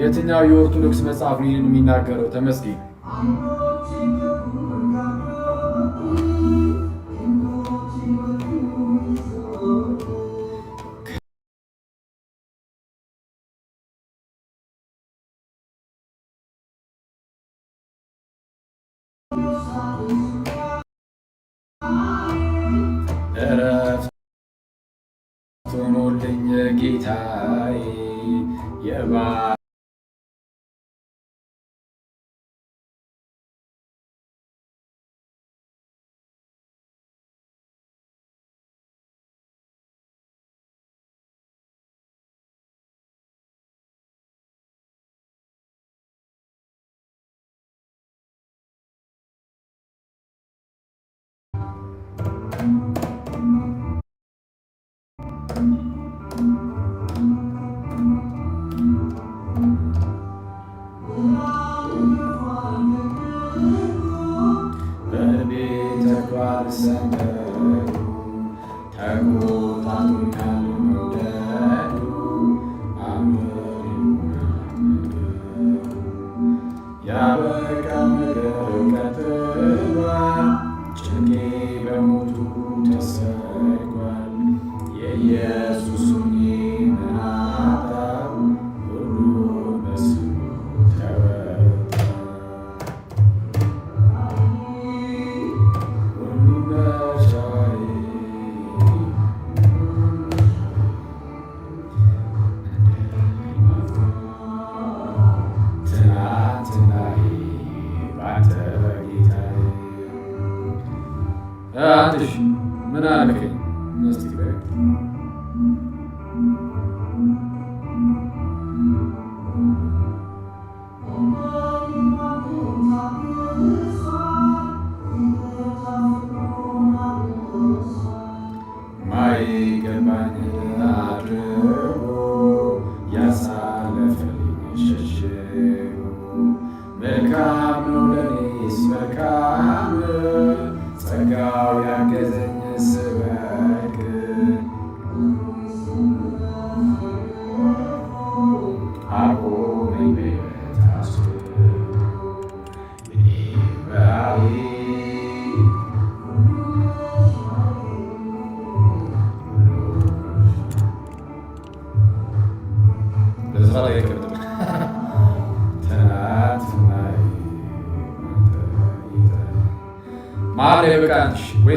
የትኛው የኦርቶዶክስ መጽሐፍ ይህን የሚናገረው? ተመስገን እረፍት ሆኖልኝ ጌታዬ የባ you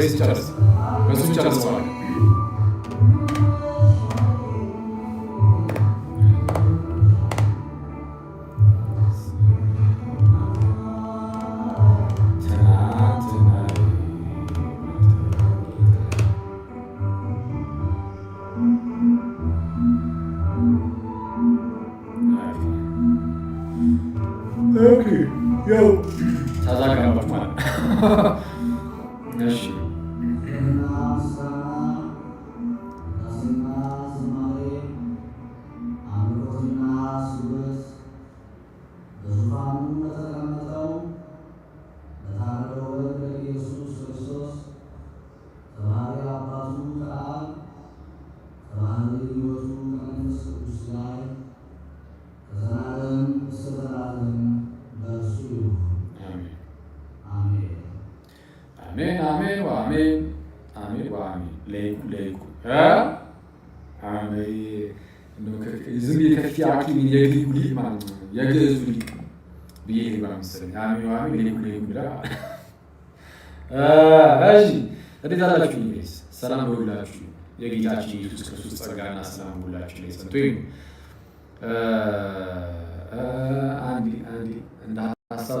베이스 잘했어. 연습 잘했어. Okay, yo. 자자 그냥 먹만. አሜን አሜን ወአሜን አሜን ወአሜን ለይኩ ለይኩ ዝም የከፍቲ አኪሚን የግሪኩ ሊቅ ማለት ነው የግዕዙ ሊቅ ብዬ ባምስል አሜን ወአሜን ለይኩ ለይኩ እሺ እንዴት አላችሁ? ኢንግሊዝ ሰላም በሁላችሁ የጌታችን ኢየሱስ ክርስቶስ ጸጋና ሰላም በሁላችሁ ላይ ሰንቶ ይሁን። አንድ አንድ እንደ ሀሳብ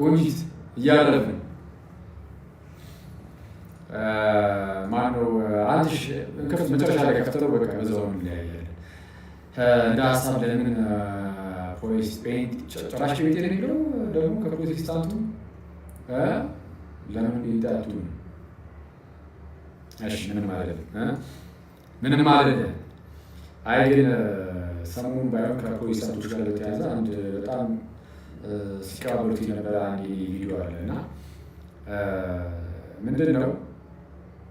ቆጂት እያለፍን ማነው አንድሽ እንክፍት መጨረሻ ላይ ከፍተው በቃ በዛው እንለያያለን። እንደ ሀሳብ ለምን ፖሊስ ፔንት ጭራሽ ቤት የሚለው ደግሞ ከፕሮቴስታንቱ ለምን ቤጣቱ እሺ፣ ምንም አይደለም፣ ምንም አይደለም። አይ ግን ሰሞኑን ባይሆን ከፕሮቴስታንቶች ጋር በተያያዘ አንድ በጣም ሲቀበሉት የነበረ አንድ ቪዲዮ አለ እና ምንድን ነው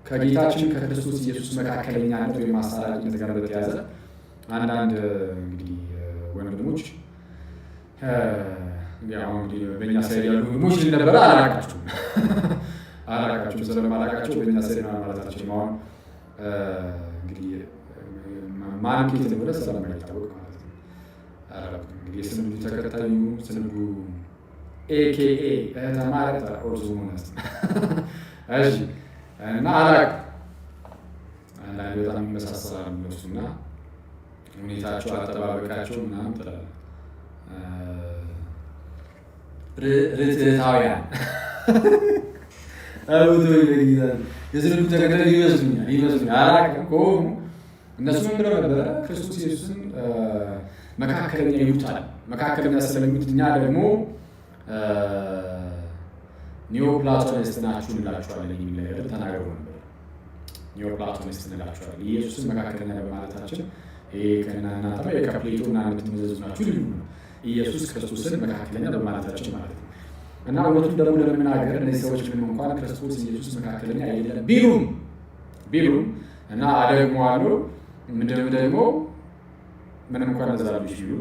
ከጌታችን ከክርስቶስ ኢየሱስ መካከለኛነት ወይም አሳራቂነት ጋር በተያያዘ አንዳንድ እንግዲህ ወንድሞች በእኛ ሳይድ ያሉ ወንድሞች ልነበረ አላቃችሁም አላቃችሁም ስለማላቃቸው በእኛ ሳይድ ማለታቸው አሁን እንግዲህ ማንኬት ብለ ስለማይታወቅ የስንዱ ተከታዩ ስንዱ ኤኬኤ እህተ ማለት ኦርዞ እሺ እና አላቅ አንዳንድ በጣም ይመሳሰላል እነሱ እና ሁኔታቸው አጠባበቃቸው ምናምን ትላለህ። ርትዕታውያን አቡቶ ይለኛል ተከታዩ ይመስሉኛል ይመስሉኛል አላቅም ከሆኑ እነሱ ምንድነው ነበረ ክርስቶስ ኢየሱስን መካከለኛ ይሉታል። መካከለኛ ስለሚሉት እኛ ደግሞ ኒዮፕላቶኒስት ናችሁ እንላችኋለን የሚል ነገር ተናገሩ ነበር። ኒዮፕላቶኒስት እንላችኋለን ኢየሱስን መካከለኛ በማለታችን ይሄ ከናናተ ከፕሌቶ ምናምን የምትመዘዙ ናችሁ ልዩ ነው። ኢየሱስ ክርስቶስን መካከለኛ በማለታችን ማለት ነው። እና እውነቱን ደግሞ ለመናገር እነዚህ ሰዎች ምንም እንኳን ክርስቶስ ኢየሱስ መካከለኛ አይደለም ቢሉም ቢሉም እና አደግሞ አሉ ምንድም ደግሞ ምንም እንኳን እዛ ቢሽዩ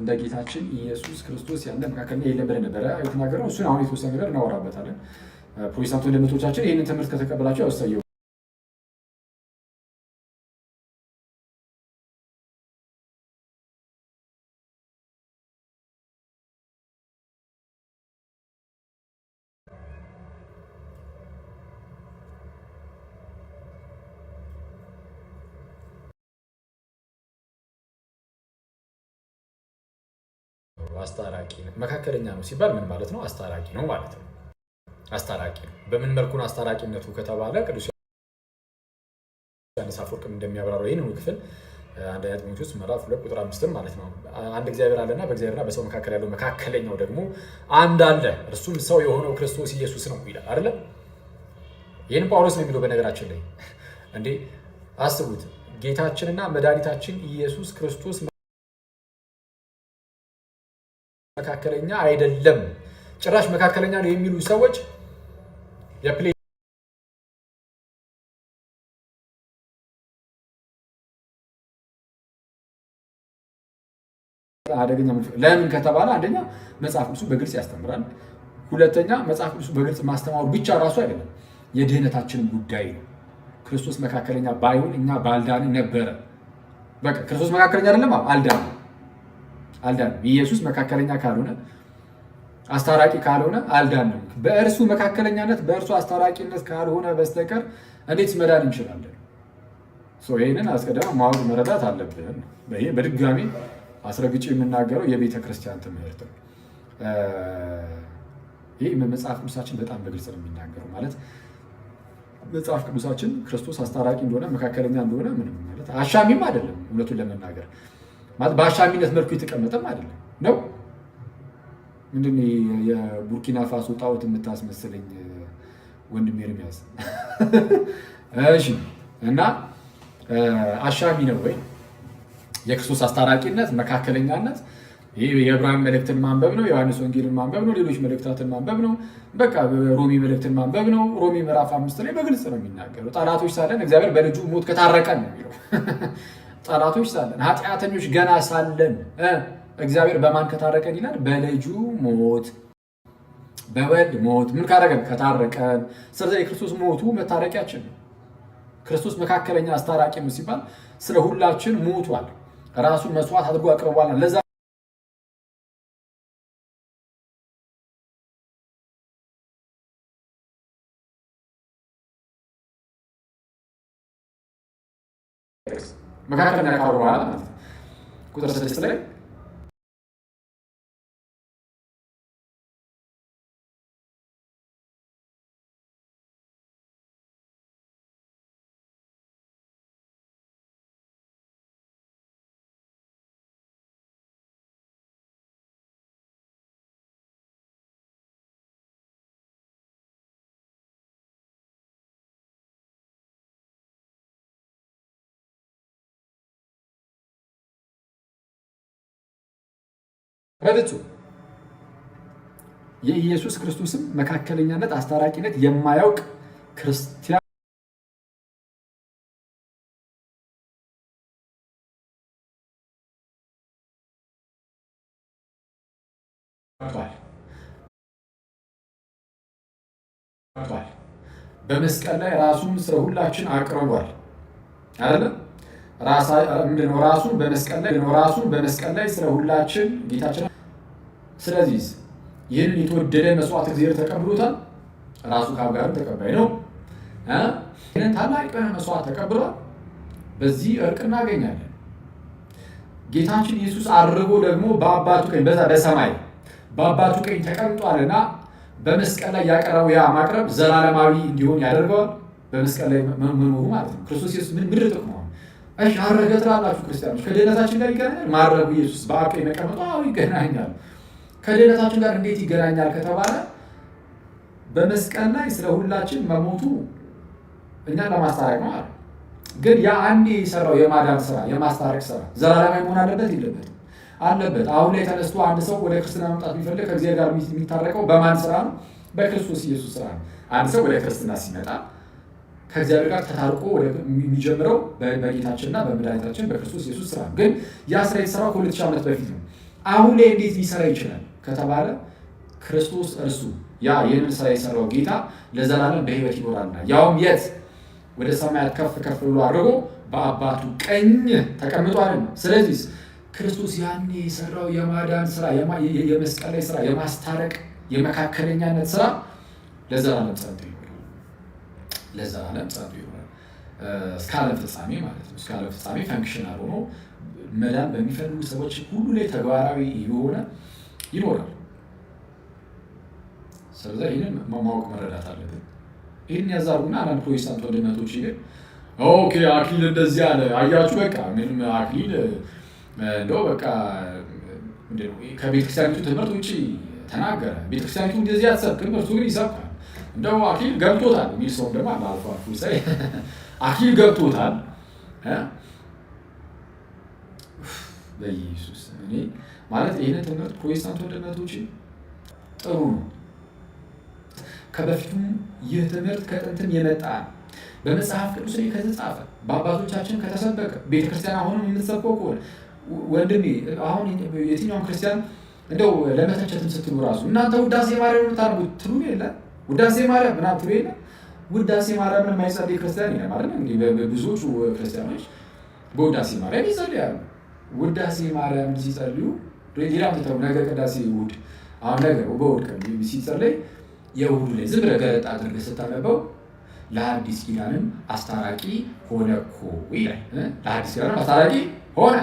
እንደ ጌታችን ኢየሱስ ክርስቶስ ያለ መካከልና የለመደ ነበረ የተናገረው። እሱን አሁን የተወሰነ ነገር እናወራበታለን። ፕሮቴስታንቱ ለምቶቻችን ይህንን ትምህርት ከተቀበላቸው ያወሰየው አስታራቂ ነው። መካከለኛ ነው ሲባል ምን ማለት ነው? አስታራቂ ነው ማለት ነው። አስታራቂ ነው። በምን መልኩ ነው አስታራቂነቱ ከተባለ ቅዱስ ዮሐንስ አፈወርቅ እንደሚያብራራው ይህን ክፍል አንደኛ ጢሞቴዎስ ምዕራፍ ሁለት ቁጥር አምስትም ማለት ነው አንድ እግዚአብሔር አለና በእግዚአብሔርና በሰው መካከል ያለው መካከለኛው ደግሞ አንድ አለ እርሱም ሰው የሆነው ክርስቶስ ኢየሱስ ነው ይላል አይደለ? ይህን ጳውሎስ ነው የሚለው በነገራችን ላይ እንዴ አስቡት ጌታችንና መድኃኒታችን ኢየሱስ ክርስቶስ መካከለኛ አይደለም፣ ጭራሽ መካከለኛ ነው የሚሉ ሰዎች የፕሌ አደገኛ ለምን ከተባለ አንደኛ መጽሐፍ ቅዱስ በግልጽ ያስተምራል። ሁለተኛ መጽሐፍ ቅዱስ በግልጽ ማስተማሩ ብቻ ራሱ አይደለም የደህነታችን ጉዳይ ነው። ክርስቶስ መካከለኛ ባይሆን እኛ ባልዳን ነበረ። በቃ ክርስቶስ መካከለኛ አይደለም፣ አልዳን አልዳንም። ኢየሱስ መካከለኛ ካልሆነ አስታራቂ ካልሆነ አልዳንም። በእርሱ መካከለኛነት በእርሱ አስታራቂነት ካልሆነ በስተቀር እንዴት መዳን እንችላለን? ይህንን አስቀድሞ ማወቅ መረዳት አለብን። በድጋሚ አስረግጭ የምናገረው የቤተ ክርስቲያን ትምህርት ነው። ይህ መጽሐፍ ቅዱሳችን በጣም በግልጽ ነው የሚናገረው። ማለት መጽሐፍ ቅዱሳችን ክርስቶስ አስታራቂ እንደሆነ መካከለኛ እንደሆነ ምንም ማለት አሻሚም አይደለም እውነቱን ለመናገር ማለት በአሻሚነት መልኩ የተቀመጠም አይደለም ነው። ምንድን የቡርኪና ፋሶ ጣዖት የምታስመስለኝ ወንድሜ ኤርሚያስ? እሺ እና አሻሚ ነው ወይ? የክርስቶስ አስታራቂነት፣ መካከለኛነት የዕብራን መልእክትን ማንበብ ነው። የዮሐንስ ወንጌልን ማንበብ ነው። ሌሎች መልእክታትን ማንበብ ነው። በቃ ሮሚ መልእክትን ማንበብ ነው። ሮሚ ምዕራፍ አምስት ላይ በግልጽ ነው የሚናገረው። ጠላቶች ሳለን እግዚአብሔር በልጁ ሞት ከታረቀን ነው የሚለው ጠላቶች ሳለን ኃጢአተኞች ገና ሳለን እግዚአብሔር በማን ከታረቀን ይላል? በልጁ ሞት በወልድ ሞት ምን ካረገን? ከታረቀን። ስለዚህ የክርስቶስ ሞቱ መታረቂያችን ነው። ክርስቶስ መካከለኛ አስታራቂ ሲባል ስለ ሁላችን ሞቷል። ራሱን መስዋዕት አድርጎ አቅርቧል። ለዛ መካከለኛ ካሉ በኋላ ማለት ነው ቁጥር ስድስት ላይ ረድቱ የኢየሱስ ክርስቶስም መካከለኛነት አስታራቂነት የማያውቅ ክርስቲያን በመስቀል ላይ ራሱን ስለሁላችን አቅርቧል አይደለም ራሱን በመስቀል ላይ ራሱን በመስቀል ላይ ስለ ሁላችን ጌታችን። ስለዚህ ይህን የተወደደ መስዋዕት እግዚአብሔር ተቀብሎታል። ራሱ ካብ ጋርም ተቀባይ ነው። ይህንን ታላቅ መስዋዕት ተቀብሏል። በዚህ እርቅ እናገኛለን። ጌታችን ኢየሱስ አድርጎ ደግሞ በአባቱ ቀኝ በዛ በሰማይ በአባቱ ቀኝ ተቀምጧልና በመስቀል ላይ ያቀረበው ያ ማቅረብ ዘላለማዊ እንዲሆን ያደርገዋል። በመስቀል ላይ መኖሩ ማለት ነው። ክርስቶስ ኢየሱስ ምን ምድር ጥቅመዋል እሺ አረገ ትላላችሁ ክርስቲያኖች። ከድህነታችን ጋር ይገናኛል ማረጉ ኢየሱስ በአብ ቀኝ መቀመጡ? አዎ ይገናኛል። ከድህነታችን ጋር እንዴት ይገናኛል ከተባለ በመስቀል ላይ ስለ ሁላችን መሞቱ እኛ ለማስታረቅ ነው አለ። ግን ያ አንዴ የሰራው የማዳን ስራ የማስታረቅ ስራ ዘላለማዊ መሆን አለበት የለበትም? አለበት። አሁን ላይ ተነስቶ አንድ ሰው ወደ ክርስትና መምጣት ቢፈልግ ከእግዚአብሔር ጋር የሚታረቀው በማን ስራ ነው? በክርስቶስ ኢየሱስ ስራ ነው። አንድ ሰው ወደ ክርስትና ሲመጣ ከእግዚአብሔር ጋር ተታርቆ የሚጀምረው በጌታችንና በመድኃኒታችን በክርስቶስ ኢየሱስ ስራ ነው። ግን ያ ስራ የተሰራው ከሁለት ሺህ ዓመት በፊት ነው። አሁን ላይ እንዴት ሊሰራ ይችላል ከተባለ ክርስቶስ እርሱ ያ ይህንን ስራ የሰራው ጌታ ለዘላለም በህይወት ይኖራልና ያውም የት ወደ ሰማያት ከፍ ከፍ ብሎ አድርጎ በአባቱ ቀኝ ተቀምጧል። ስለዚህ ክርስቶስ ያኔ የሰራው የማዳን ስራ፣ የመስቀል ስራ፣ የማስታረቅ የመካከለኛነት ስራ ለዘላለም ጸጥ ለዘላለም ጸንቶ ይሆናል እስካለም ፍጻሜ ማለት ነው። እስካለም ፍጻሜ ፈንክሽናል ሆኖ መዳን በሚፈልጉ ሰዎች ሁሉ ላይ ተግባራዊ የሆነ ይኖራል። ስለዚ ይህንን ማወቅ መረዳት አለብን። ይህን ያዛሩና አንዳንድ ፕሮቴስታንት ወንድነቶች ግን ኦኬ አክሊል እንደዚህ አለ አያችሁ፣ በቃ ምንም አክሊል እንደው በቃ ከቤተክርስቲያኒቱ ትምህርት ውጭ ተናገረ። ቤተክርስቲያኒቱ እንደዚህ አትሰብክም፣ እርሱ ግን ይሰብካል። እንደው አኪል ገብቶታል የሚል ሰውም ደግሞ አለ። አልፎ አልፎ ሰ አኪል ገብቶታል። በኢየሱስ እኔ ማለት ይህንን ትምህርት ፕሮቴስታንት ወንድነቶች ጥሩ ነው። ከበፊቱም ይህ ትምህርት ከጥንትም የመጣ በመጽሐፍ ቅዱስ ላይ ከተጻፈ በአባቶቻችን ከተሰበከ ቤተክርስቲያን አሁንም የምትሰበው ከሆነ ወንድሜ አሁን የትኛውም ክርስቲያን እንደው ለመተቸትም ስትሉ ራሱ እናንተ ውዳሴ ማርያም የምታደርጉት ትሉ የለ ውዳሴ ማርያም ምናምን ትሉ የለ ውዳሴ ማርያም የማይጸልይ ክርስቲያን የለም አይደል? ብዙዎቹ ክርስቲያኖች በውዳሴ ማርያም ይጸልያሉ። ውዳሴ ማርያም ሲጸልዩ ሌላም ትተው ነገ ቅዳሴ ውድ አሁን ነገ በውድ ቀን ሲጸለይ የውዱ ላይ ዝም ብለህ ገለጥ አድርገህ ስታነበው ለአዲስ ኪዳንም አስታራቂ ሆነ እኮ ይላል። ለአዲስ ኪዳንም አስታራቂ ሆነ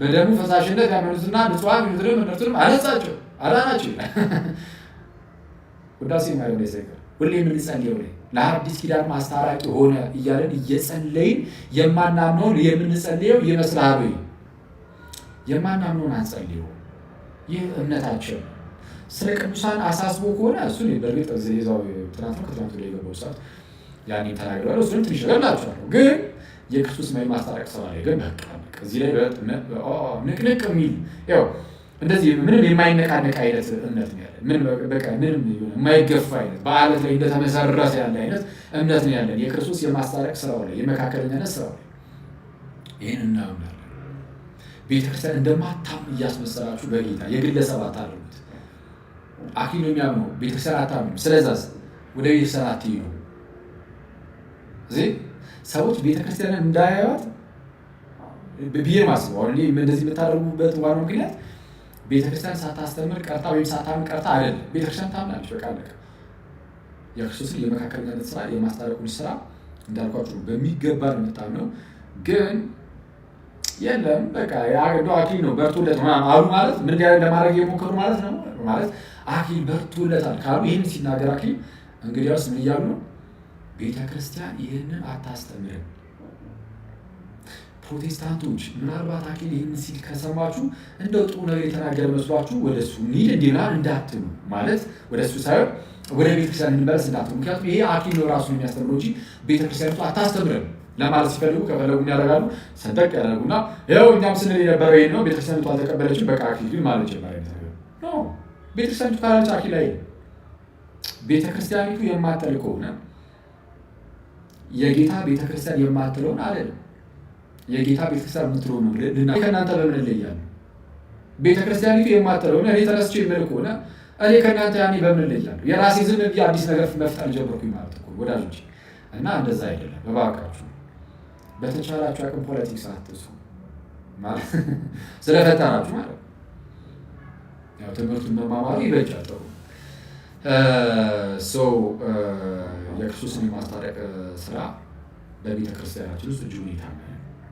በደሙ ፈሳሽነት ያመኑትና ንጹሐን ምድርም እነርሱንም አነጻቸው አዳናቸው ይላል። ውዳሴ ማየው ዘገር ሁሌ የምንጸልየው ላይ ለአዲስ ኪዳን ማስታራቂ ሆነ እያለን እየጸለይን የማናምነውን የምንጸልየው ይመስልሃል የማናምነውን አንጸልየው። ይህ እምነታቸው ስለ ቅዱሳን አሳስቦ ከሆነ እሱን በእርግጥ ዛው ትናንት ከትናንት ላይ የገባው ሰዓት ያኔ ተናግረዋል። እሱንም ትንሽ ነገር ግን የክርስቶስ ማይ ማስታረቅ ሰባ ላይ ግን በቃ እዚህ ላይ ንቅንቅ የሚል ያው እንደዚህ ምንም የማይነቃነቅ አይነት እምነት ነው ያለን። ምንም የማይገፋ አይነት በአለት ላይ እንደተመሰረተ ያለ አይነት እምነት ነው ያለን። የክርስቶስ የማስታረቅ ስራው ላይ የመካከለኛነት ስራው ላይ ይህን እናምናለን። ቤተክርስቲያን እንደማታም እያስመሰላችሁ በጌታ የግለሰብ አታደርጉት። አኪሉ የሚያምነው ቤተክርስቲያን አታምኑ። ስለዛ ወደ ቤተክርስቲያን አትዩ ነው እዚህ ሰዎች ቤተክርስቲያንን እንዳያዩት ብዬ ማስበው አሁን እኔ እንደዚህ የምታደርጉበት ዋናው ምክንያት ቤተክርስቲያን ሳታስተምር ቀርታ ወይም ሳታምን ቀርታ አይደለም። ቤተክርስቲያን ታምናለች። በቃ በቃ የክርስቶስን የመካከለኛነት ስራ የማስታረቁን ስራ እንዳልኳችሁ በሚገባ ነው ግን የለም በቃ የአገዶ አኪል ነው በርቶለት አሉ ማለት ምን ጋር ለማድረግ የሞከሩ ማለት ነው ማለት አኪል በርቶለታል ካሉ ይህን ሲናገር አኪል እንግዲያውስ ምን እያሉ ነው? ቤተክርስቲያን ይህንን አታስተምርም ፕሮቴስታንቶች ምናልባት አኪል ይህን ሲል ከሰማችሁ እንደ ጥሩ ነው የተናገረ መስሏችሁ ወደ እሱ እንሂድ እንዲና እንዳትሉ ማለት ወደ እሱ ሳይሆን ወደ ቤተክርስቲያን እንመለስ እንዳትሉ። ምክንያቱም ይሄ አኪል ነው ራሱ የሚያስተምረው እንጂ ቤተክርስቲያኒቱ አታስተምርም ለማለት ሲፈልጉ ከፈለጉ ያደርጋሉ። ሰንጠቅ ያደርጉና ይኸው እኛም ስንል የነበረው ይሄ ነው፣ ቤተክርስቲያኒቱ አልተቀበለችም፣ በቃ አኪል ማለት ነው ቤተክርስቲያኒቱ ካለች አኪል ላይ ቤተክርስቲያኒቱ የማትል ከሆነ የጌታ ቤተክርስቲያን የማትለውን አይደለም የጌታ ቤተክርስቲያን የምትለው ነው ልና ከእናንተ በምን እለያለሁ? ቤተክርስቲያኒቱ የማትለውን እኔ ተነስቼ የምል ከሆነ እኔ ከእናንተ ያኔ በምን እለያለሁ? የራሴ ዝም ብዬ አዲስ ነገር መፍጠር ጀመርኩኝ ማለት እኮ ወዳጆች። እና እንደዛ አይደለም። እባካችሁ በተቻላችሁ አቅም ፖለቲክ አትሱ ስለፈጠራችሁ ማለት ያው ትምህርቱን መማማሩ ይበጃል። ጥሩ ሰው የክርስቶስን የማስታረቅ ስራ በቤተክርስቲያናችን ውስጥ እጅ ሁኔታ ነው።